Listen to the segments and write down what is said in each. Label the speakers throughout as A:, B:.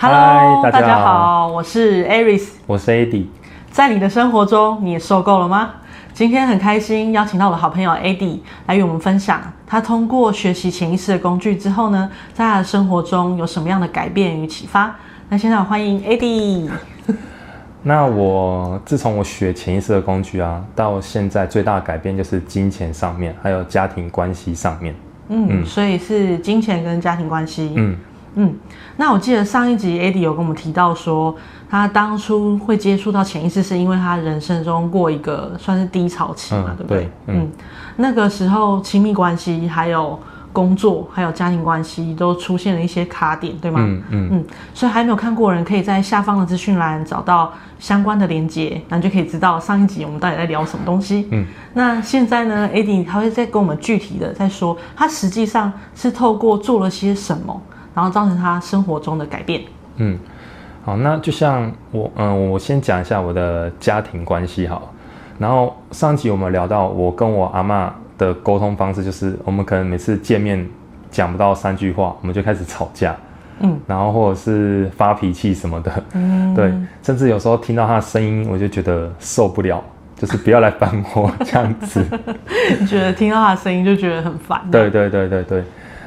A: Hello，大家好，
B: 我是 Aris，我是 Eddie。在你的生活中，你也受夠了嗎？今天很開心邀請到我的好朋友 Eddie 來與我們分享，他通過學習潛意識的工具之後呢，在他的生活中有什麼樣的改變與啟發？那現在我歡迎 Eddie。
A: 那我自從我學潛意識的工具啊，到現在最大的改變就是金錢上面，還有家庭關係上面。嗯，嗯，所
B: 以是金錢跟家庭關係。嗯。嗯，那我記得上一集 Eddie 有跟我們提到說，他當初會接觸到潛意識，是因為他人生中過一個算是低潮期嘛，嗯、對不對？嗯，那個時候親密關係、還有工作、還有家庭關係都出現了一些卡點，對嗎？嗯嗯嗯，所以還沒有看過人可以在下方的資訊欄找到相關的連結，那就可以知道上一集我們到底在聊什麼東西。嗯，那現在呢，Eddie 他會再跟我們具體的再說，他實際上是透過做了些什麼。然後造成他生活中的改變。
A: 嗯，好，那就像我，嗯、呃，我先講一下我的家庭關係好。然後上集我們聊到我跟我阿嬤的溝通方式，就是我們可能每次見面講不到三句話，我們就開始吵架。嗯，然後或者是發脾氣什麼的。嗯，對，甚至有時候聽到她的聲音，我就覺得受不了，就是不要來煩我 這樣子。
B: 你覺得聽到她的聲音就覺得很煩、啊？對
A: 對對對對。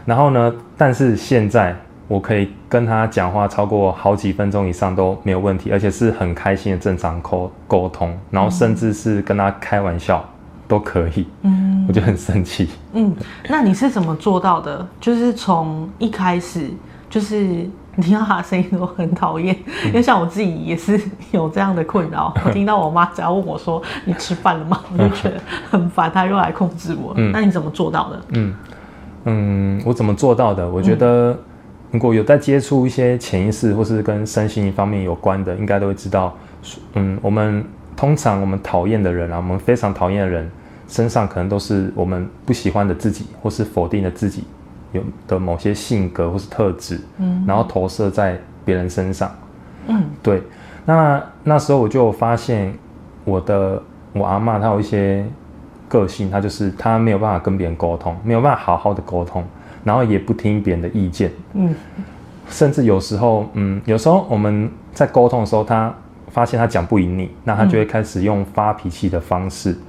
A: 然後呢？但是現在我可以跟他講話超過好幾分鐘以上都沒有問題，而且是很開心的正常溝溝通，然後甚至是跟他開玩笑都可以。嗯，我就很生氣。
B: 嗯，那你是怎麼做到的？就是從一開始就是你聽到他的聲音都很討厭，因為像我自己也是有這樣的困擾。嗯，我聽到我媽只要問我說“你吃飯了嗎”，我就覺得很煩，他又來控制我。嗯，那你怎麼做到的？嗯。
A: 嗯，我怎麼做到的？我覺得如果有在接觸一些潛意識或是跟身心一方面有關的，應該都會知道。嗯，我們通常我們討厭的人啊，我們非常討厭的人身上，可能都是我們不喜歡的自己或是否定的自己有的某些性格或是特質，嗯，然後投射在別人身上，嗯，對。那那時候我就發現我的我阿嬤，她有一些個性他就是他沒有辦法跟別人溝通，沒有辦法好好的溝通，然後也不聽別人的意見，嗯，甚至有時候，嗯，有時候我們在溝通的時候，他發現他講不贏你，那他就會開始用發脾氣的方式，嗯、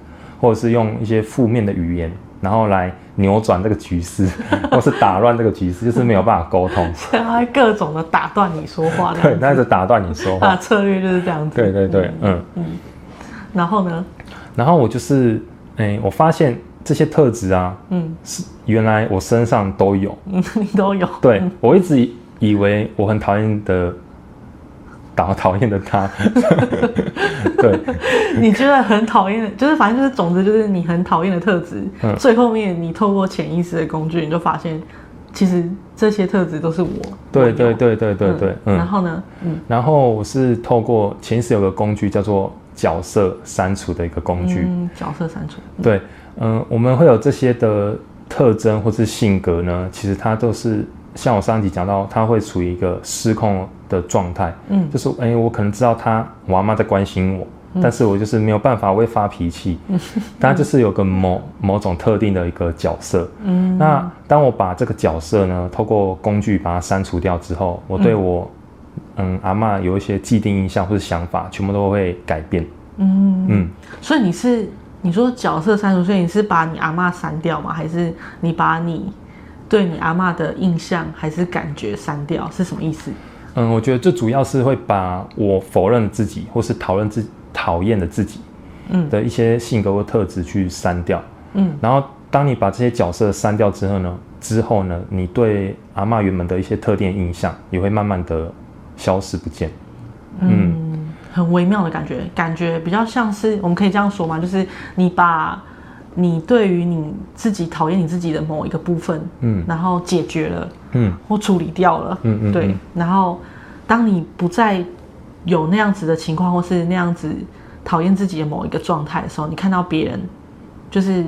A: 或者是用一些負面的語言，然後來扭轉這個局勢，或是打亂這個局勢， 就是沒有辦法溝通，
B: 然後各種的打斷你說話，對，
A: 那就打斷你說話，
B: 他的策略就是這樣子，對對對，嗯嗯，嗯嗯，然後呢？
A: 然後我就是。哎，我發現這些特質啊，嗯，是原來我身上都有，嗯，你都有。對，我一直以為我很討厭的，打討厭的他， 對。你
B: 覺得很討厭的，就是反正就是總之就是你很討厭的特質。嗯、最後面你透過潛意識的工具，你就發現其實這些特質都是我。
A: 對對對對對對。嗯嗯、然後
B: 呢？嗯。
A: 然後我是透過前世有個工具叫做。角色刪除的一個工具，嗯、
B: 角色刪除，嗯、對，
A: 嗯、呃，我們會有這些的特徵或是性格呢？其實它都是像我上一集講到，它會處於一個失控的狀態，嗯，就是誒我可能知道他我阿媽在關心我，嗯、但是我就是沒有辦法，我會發脾氣，嗯，他就是有個某某種特定的一個角色，嗯，那當我把這個角色呢，透過工具把它刪除掉之後，我對我。嗯嗯，阿嬤有一些既定印象或是想法，全部都會改變。嗯嗯，
B: 嗯，所以你是你說角色刪除，所以你是把你阿嬤刪掉嗎？還是你把你對你阿嬤的印象還是感覺刪掉？是什麼意
A: 思？嗯，我覺得最主要是會把我否認自己或是討論自討厭的自己，嗯，的一些性格或特質去刪掉。嗯，然後當你把這些角色刪掉之後呢，之後呢，你對阿嬤原本的一些特定印象也會慢慢的。消失不見，嗯，嗯，
B: 很微妙的感覺，感覺比較像是，我們可以這樣說嘛，就是你把你對於你自己討厭你自己的某一個部分，嗯，然後解決了，嗯，或處理掉了，嗯，嗯嗯，對，然後當你不再有那樣子的情況，或是那樣子討厭自己的某一個狀態的時候，你看到別人，就是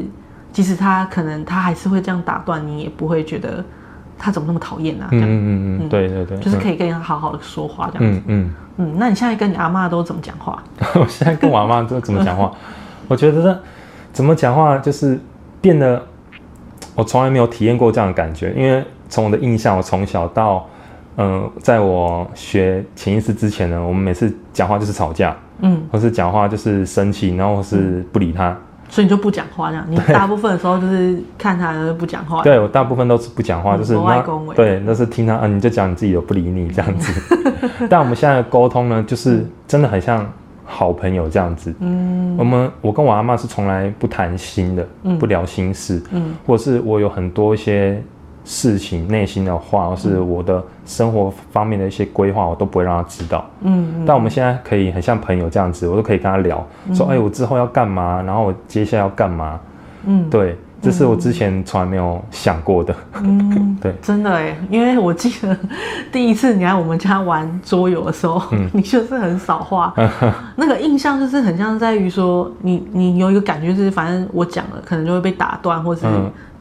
B: 即使他可能他還是會這樣打斷你，也不會覺得。他怎麼那麼討厭呢、啊？嗯嗯
A: 嗯，對對對，就是可以跟人
B: 好好的說話、嗯、這
A: 樣
B: 子。嗯嗯，那你現在跟你阿媽都怎麼講話？
A: 我現在跟我阿媽都怎麼講話？ 我覺得呢，怎麼講話就是變得，我從來沒有體驗過這樣的感覺。因為從我的印象，我從小到嗯、呃，在我學潛意識之前呢，我們每次講話就是吵架，嗯，或是講話就是生氣，然後是不理他。
B: 所以你就不講話這樣，對你大部分的時候就是看他都不講話。對我
A: 大部分都是不講話，嗯、就是格外對，那是聽他啊，你就講你自己，有不理你這樣子。嗯、但我們現在的溝通呢，就是真的很像好朋友這樣子。嗯，我們我跟我阿媽是從來不談心的，嗯、不聊心事。嗯，或者是我有很多一些，事情內心的話，或是我的生活方面的一些規劃，我都不會讓他知道。嗯，嗯，但我們現在可以很像朋友這樣子，我都可以跟他聊，嗯、說，哎，我之後要幹嘛，然後我接下來要幹嘛。嗯，對。這是我之前從來沒有想過的。嗯， 對，
B: 真的哎、欸，因為我記得第一次你來我們家玩桌遊的時候，嗯、你就是很少話。嗯、那個印象就是很像是在於說，你你有一個感覺就是，反正我講了，可能就會被打斷，或者是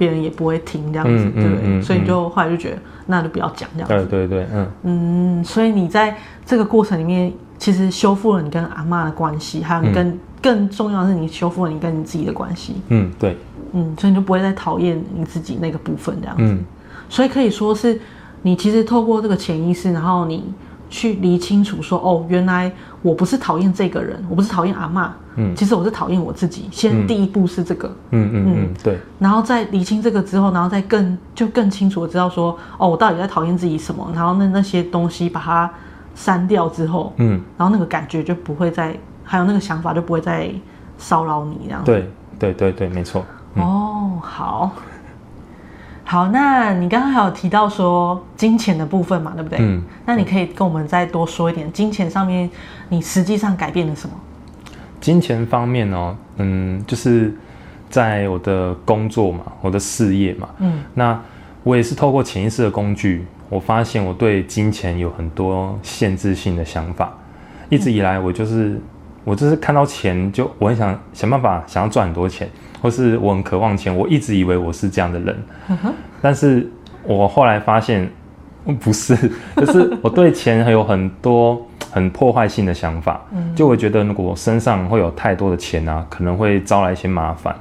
B: 別人也不會聽這樣子，嗯、對，所以你就後來就覺得，那就不要講這樣子。對對對，嗯嗯，所以你在這個過程裡面，其實修復了你跟阿媽的關係，還有跟更、嗯、更重要的是，你修復了你跟你自己的關係。嗯，對。嗯，所以你就不會再討厭你自己那個部分這樣子，嗯、所以可以說是你其實透過這個潛意識，然後你去理清楚說，哦，原來我不是討厭這個人，我不是討厭阿嬤，嗯，其實我是討厭我自己。先第一步是這個，嗯嗯嗯，嗯，對。然後再理清這個之後，然後再更就更清楚的知道說，哦，我到底在討厭自己什麼？然後那那些東西把它刪掉之後，嗯，然後那個感覺就不會再，還有那個想法就不會再騷擾你這樣子。對
A: 對對對，沒錯。嗯、哦，
B: 好，好，那你剛剛還有提到說金錢的部分嘛，對不對？嗯，那你可以跟我們再多說一點，金錢上面你實際上改變了什麼？
A: 金錢方面呢、哦，嗯，就是在我的工作嘛，我的事業嘛，嗯，那我也是透過潛意識的工具，我發現我對金錢有很多限制性的想法，一直以來我就是。嗯我就是看到錢就我很想想辦法，想要賺很多錢，或是我很渴望錢。我一直以為我是這樣的人，但是我後來發現不是，就是我對錢還有很多很破壞性的想法，就會覺得如果我身上會有太多的錢啊，可能會招來一些麻煩，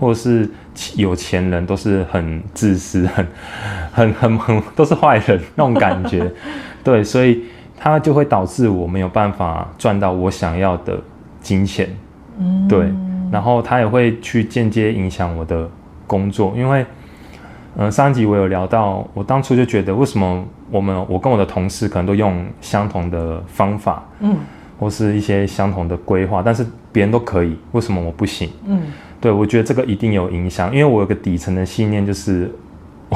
A: 或者是有錢人都是很自私，很很很很都是壞人那種感覺，對，所以。它就會導致我沒有辦法賺到我想要的金錢，嗯、對，然後它也會去間接影響我的工作，因為、呃，上一集我有聊到，我當初就覺得，為什麼我們我跟我的同事可能都用相同的方法，嗯，或是一些相同的規劃，但是別人都可以，為什麼我不行？嗯，對，我覺得這個一定有影響，因為我有一個底層的信念就是。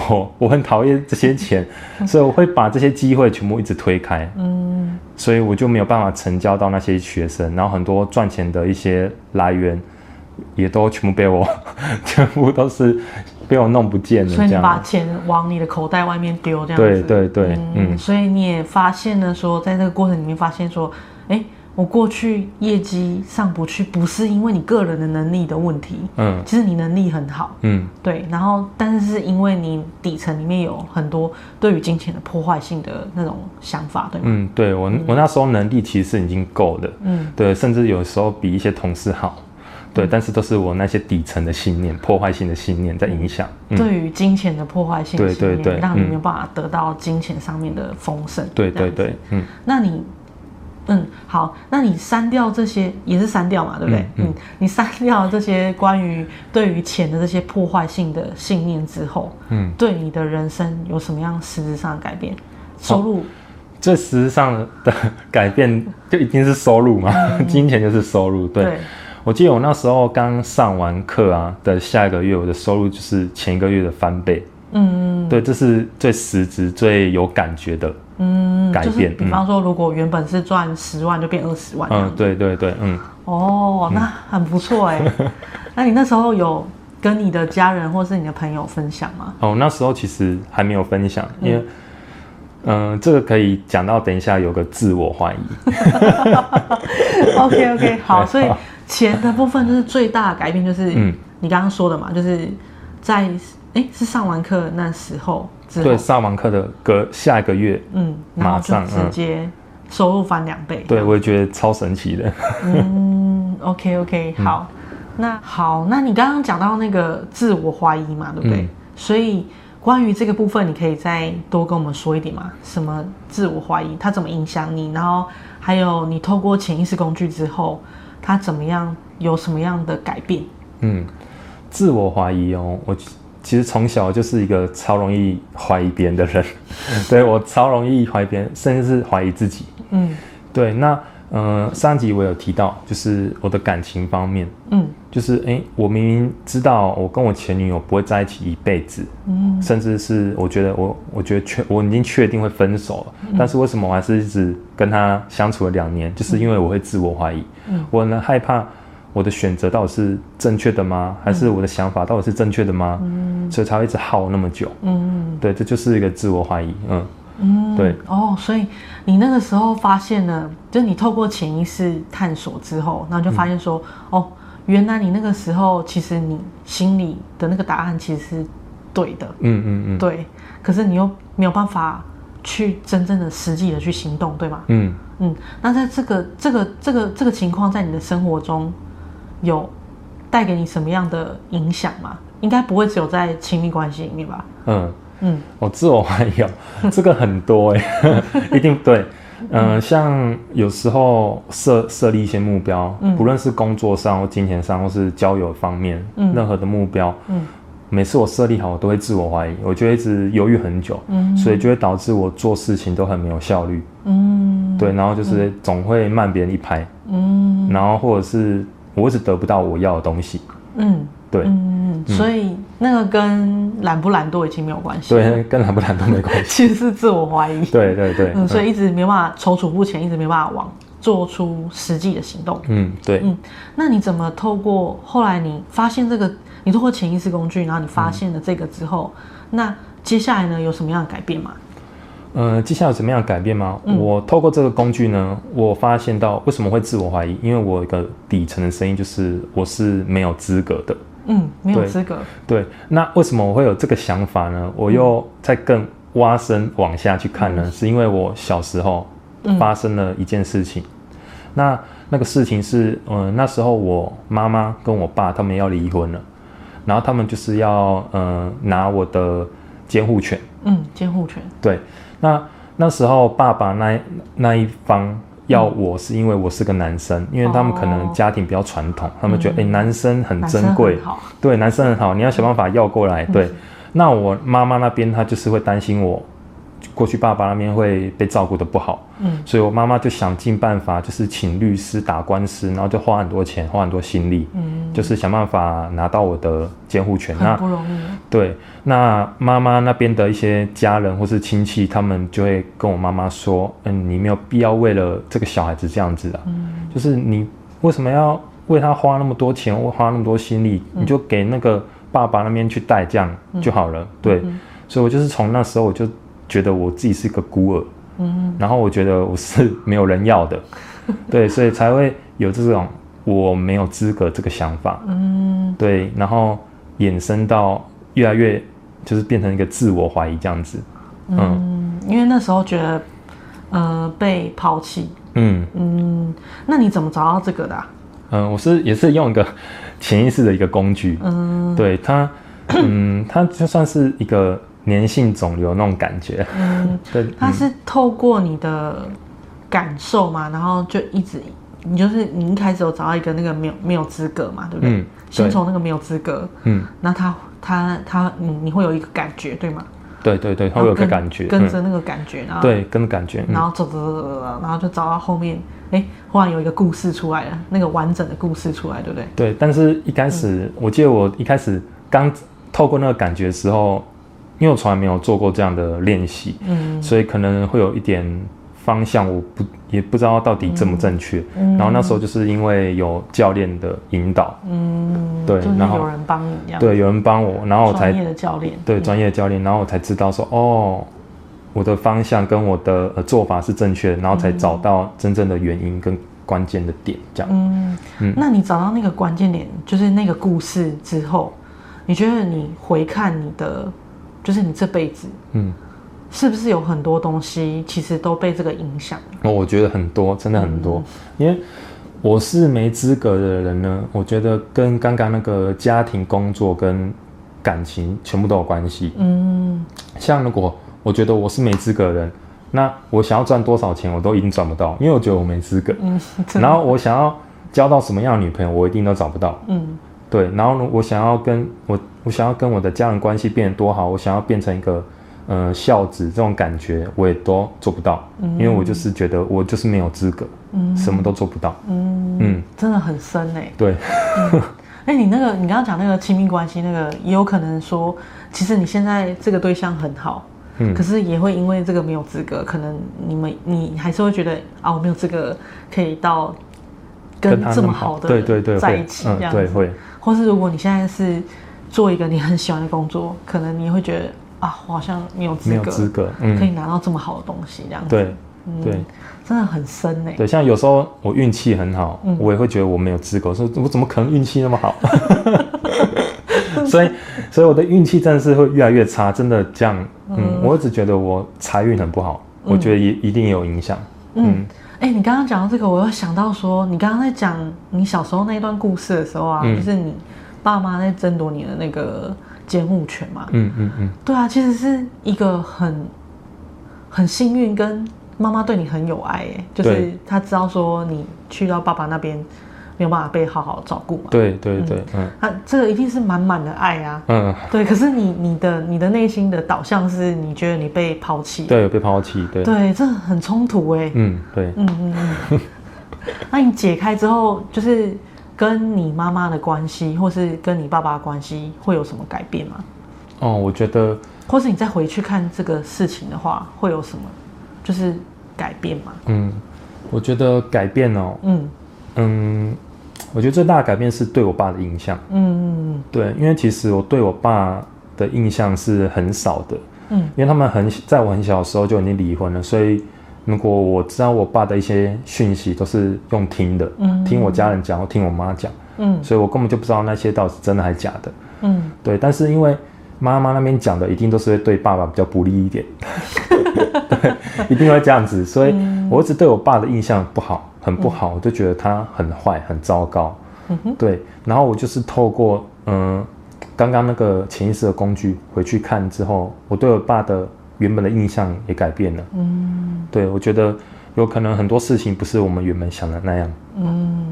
A: 我，我很討厭這些錢， 所以我會把這些機會全部一直推開，嗯，所以我就沒有辦法成交到那些學生，然後很多賺錢的一些來源，也都全部被我，全部都是被我弄不見了，所以你把
B: 錢往你的口袋外面丟，這樣子。對
A: 對對，嗯。嗯，
B: 所以你也發現了說，說在這個過程裡面發現說，哎、欸。我過去業績上不去，不是因為你個人的能力的問題，嗯，其實你能力很好，嗯，對，然後但是因為你底層裡面有很多對於金錢的破壞性的那種想法，對嗎？嗯，
A: 對我、嗯、我那時候能力其實已經夠了，嗯，對，甚至有時候比一些同事好，嗯、對，但是都是我那些底層的信念，破壞性的信念在影響，對於
B: 金錢的破壞性的信念，對對對，讓你沒有辦法得到金錢上面的豐盛，對對
A: 對，對對對，
B: 嗯，那你。嗯，好，那你刪掉這些也是刪掉嘛，對不對？嗯，嗯，你刪掉這些關於對於錢的這些破壞性的信念之後，嗯，對你的人生有什麼樣實質上的改變？收入，
A: 哦、最實質上的改變就已經是收入嘛，嗯、金錢就是收入。對，對我記得我那時候剛上完課啊的下一個月，我的收入就是前一個月的翻倍。嗯，對，這是最實質、最有感覺的。嗯，改變。比方說，
B: 如果原本是賺十萬，就變二十萬。嗯，
A: 對對對，嗯。
B: 哦，那很不錯哎，欸。嗯、那你那時候有跟你的家人或是你的朋友分享嗎？
A: 哦，那時候其實還沒有分享，因為，嗯、呃，這個可以講到等一下有個自我懷疑。
B: OK OK，好。欸，好，所以錢的部分就是最大的改變，就是嗯，你剛剛說的嘛，就是在哎，欸，是上完課那時候。對，
A: 上網課的隔下一個月，後嗯，馬上直接
B: 收入翻兩倍、啊嗯，對
A: 我也覺得超神奇的。
B: 嗯，OK OK，好，那好，那你剛剛講到那個自我懷疑嘛，對不對？所以關於這個部分，你可以再多跟我們說一點嘛？什麼自我懷疑，它怎麼影響你？然後還有你透過潛意識工具之後，它怎麼樣，有什麼樣的改變？嗯，
A: 自我懷疑哦，我。其實從小就是一個超容易懷疑別人的人，嗯、 對我超容易懷疑別人，甚至是懷疑自己。嗯，對。那、呃、上集我有提到，就是我的感情方面，嗯，就是誒我明明知道我跟我前女友不會在一起一輩子，嗯、甚至是我覺得我，我覺得確我已經確定會分手了，嗯、但是為什麼我還是一直跟她相處了兩年？就是因為我會自我懷疑，嗯、我呢害怕。我的選擇到底是正確的嗎？還是我的想法到底是正確的嗎？嗯，所以才會一直耗那麼久。嗯，對，這就是一個自我懷疑。嗯
B: 嗯，對哦，所以你那個時候發現了，就是你透過潛意識探索之後，然後就發現說，嗯、哦，原來你那個時候其實你心裡的那個答案其實是對的。嗯嗯嗯，嗯嗯對。可是你又沒有辦法去真正的實際的去行動，對吧？嗯嗯。那在這個這個這個這個情況，在你的生活中。有，帶給你什麼樣的影響嗎？應該不會只有在親密關係裡面吧？嗯
A: 嗯，嗯我自我懷疑、哦，這個很多哎、欸， 一定對。
B: 嗯、呃，
A: 像有時候設設立一些目標，嗯、不論是工作上或金錢上或是交友方面，嗯、任何的目標，嗯，每次我設立好，我都會自我懷疑，我就一直猶豫很久，嗯哼，所以就會導致我做事情都很沒有效率，嗯哼，對，然後就是總會慢別人一拍，嗯哼，然後或者是。我一直得不到我要的東西。嗯，對，嗯，所以
B: 那個跟懶不懶惰已經沒有關係。
A: 對，那個、跟懶不懶惰沒關係，
B: 其實是自我懷疑。對
A: 對對。 嗯，所以一直
B: 沒辦法躊躇、嗯、不前，一直沒辦法往做出實際的行動。嗯，對。嗯，那你怎麼透過後來你發現這個？你透過潛意識工具，然後你發現了這個之後，嗯、那接下來呢？有什麼樣的改變嗎？
A: 呃，接下來有什麼樣的改變嗎？嗯、我透過這個工具呢，我發現到為什麼會自我懷疑，因為我一個底層的聲音就是我是沒有資格的，嗯，沒有資格對。對，那為什麼我會有這個想法呢？嗯、我又再更挖深往下去看呢，是因為我小時候發生了一件事情。嗯、那那個事情是，呃，那時候我媽媽跟我爸他們要離婚了，然後他們就是要呃拿我的監護權，嗯，
B: 監護權，
A: 對。那那時候，爸爸那那一方要我，是因為我是個男生，嗯、因為他們可能家庭比較傳統，哦、他們覺得哎、欸，男生很珍貴，對，男生很好，你要想辦法要過來。對，嗯、那我媽媽那邊，她就是會擔心我。過去爸爸那邊會被照顧得不好，嗯，所以我媽媽就想盡辦法，就是請律師打官司，然後就花很多錢，花很多心力，嗯，就是想辦法拿到我的監護權。嗯、那不容易。對，那媽媽那邊的一些家人或是親戚，他們就會跟我媽媽說，嗯，你沒有必要為了這個小孩子這樣子啊，嗯、就是你為什麼要為他花那麼多錢，花那麼多心力？嗯、你就給那個爸爸那邊去帶，這樣就好了。嗯、對，嗯、所以我就是從那時候我就。覺得我自己是一個孤兒，嗯，然後我覺得我是沒有人要的，對，所以才會有這種我沒有資格這個想法，嗯，對，然後衍生到越來越就是變成一個自我懷疑這樣子，
B: 嗯，因為那時候覺得呃被拋棄，嗯嗯，那你怎麼找到這個的啊？
A: 嗯，呃，我是也是用一個潛意識的一個工具，嗯，對，它，嗯，它就算是一個。粘性腫瘤那種感覺嗯，嗯，對，它是
B: 透過你的感受嘛，然後就一直，你就是你一開始有找到一個那個沒有沒有資格嘛，對不對？嗯、對先從那個沒有資格，嗯，嗯，那他他他，你你會有一個感覺，對嗎？
A: 對對對，會有一個感覺，跟着那
B: 個感覺，嗯、然後對，
A: 跟着感覺，嗯、然後
B: 走走走走走，然後就找到後面，哎、欸，忽然有一個故事出來了，那個完整的故事出來，對不對？
A: 對，但是一開始，嗯、我記得我一開始剛透過那個感覺的時候。因為我從來沒有做過這樣的練習，嗯，所以可能會有一點方向，我不也不知道到底正不正確。嗯，然後那時候就是因為有教練的引導，嗯，
B: 對，就是有人幫你這樣。對，有
A: 人幫我，然後我才專業的教練。對，嗯，專業的教練，然後我才知道說哦，我的方向跟我的、呃、做法是正確的，然後才找到真正的原因跟關鍵的點這樣。嗯，嗯，那
B: 你找到那個關鍵點，就是那個故事之後，你覺得你回看你的。就是你這輩子，
A: 嗯，
B: 是不是有很多東西其實都被這個影
A: 響？我覺得很多，真的很多。嗯、因為我是沒資格的人呢，我覺得跟剛剛那個家庭、工作跟感情全部都有關係。
B: 嗯，
A: 像如果我覺得我是沒資格的人，那我想要賺多少錢，我都一定賺不到，因為我覺得我沒資格。嗯、然後我想要交到什麼樣的女朋友，我一定都找不到。嗯。對，然後我想要跟我，我想要跟我的家人關係變得多好，我想要變成一個，嗯、呃，孝子這種感覺，我也都做不到，嗯、因為我就是覺得我就是沒有資格，嗯、什麼都做不到。嗯嗯，
B: 嗯真的很深呢。
A: 對。
B: 哎、嗯欸，你那個，你剛剛講那個親密關係，那個也有可能說，其實你現在這個對象很好，嗯、可是也會因為這個沒有資格，可能你們你還是會覺得啊，我沒有資格可以到跟
A: 這麼好的人在一起。對對對，這樣子、嗯、對會。
B: 或是如果你現在是做一個你很喜歡的工作，可能你會覺得啊，我好像沒有資格，沒有資格嗯、可以拿到這麼好的東西，這樣子。對，嗯、對真的很深哎。對，
A: 像有時候我運氣很好，嗯、我也會覺得我沒有資格，說我怎麼可能運氣那麼好？ 所以，所以我的運氣真的是會越來越差，真的這樣。嗯，嗯我一直覺得我財運很不好，我覺得也一定有影響。嗯。嗯嗯
B: 哎、欸，你剛剛講到這個，我又想到說，你剛剛在講你小時候那一段故事的時候啊，嗯、就是你爸媽在爭奪你的那個監護權嘛？嗯嗯嗯，嗯嗯對啊，其實是一個很很幸運，跟媽媽對你很有愛、欸，哎，就是她知道說你去到爸爸那邊。沒有辦法被好好照顧
A: 嘛？對對對，對對嗯，那、
B: 嗯啊、這個一定是滿滿的愛啊，嗯，對。可是你你的你的內心的導向是，你覺得你被拋棄？對，
A: 被拋棄，對。對，
B: 這很衝突哎。嗯，對。嗯嗯嗯。那、嗯 啊、你解開之後，就是跟你媽媽的關係，或是跟你爸爸的關係，會有什麼改變嗎？
A: 哦，我覺得。
B: 或是你再回去看這個事情的話，會有什麼就是改變嗎？
A: 嗯，我覺得改變哦。嗯嗯。嗯我覺得最大的改變是對我爸的印象。嗯嗯嗯，對,因為其實我對我爸的印象是很少的。嗯，因為他們很在我很小的時候就已經離婚了，所以如果我知道我爸的一些訊息，都是用聽的。嗯，聽我家人講或聽我媽講。嗯，所以我根本就不知道那些到底是真的還是假的。嗯，對，但是因為媽媽那邊講的一定都是會對爸爸比較不利一點 對，一定會這樣子，所以我一直對我爸的印象不好。很不好，嗯、我就覺得他很壞，很糟糕。嗯哼，對。然後我就是透過嗯剛剛那個潛意識的工具回去看之後，我對我爸的原本的印象也改變了。嗯，對，我覺得有可能很多事情不是我們原本想的那樣。嗯，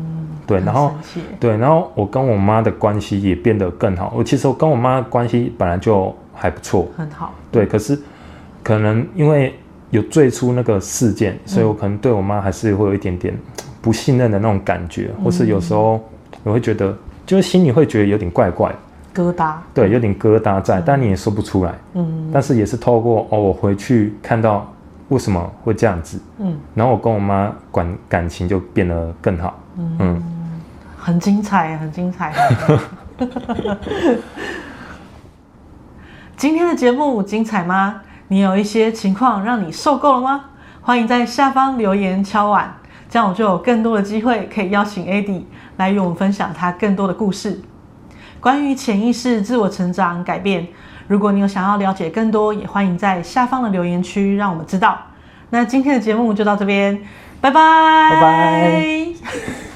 A: 對。然後對，然後我跟我媽的關係也變得更好。我其實我跟我媽的關係本來就還不錯，很好。對，可是可能因為。有最初那個事件，所以我可能對我媽還是會有一點點不信任的那種感覺，嗯、或是有時候我會覺得，就是心裡會覺得有點怪怪，
B: 疙瘩，
A: 對，有點疙瘩在，嗯、但你也說不出來，嗯，但是也是透過哦，我回去看到為什麼會這樣子，嗯，然後我跟我媽管感情就變得更好，嗯，嗯，
B: 很精彩，很精彩， 今天的節目精彩嗎？你有一些情況讓你受夠了嗎？歡迎在下方留言敲碗，這樣我就有更多的機會可以邀請 Eddie 來與我們分享他更多的故事。關於潛意識、自我成長、改變，如果你有想要了解更多，也歡迎在下方的留言區讓我們知道。那今天的節目就到這邊，拜拜。拜拜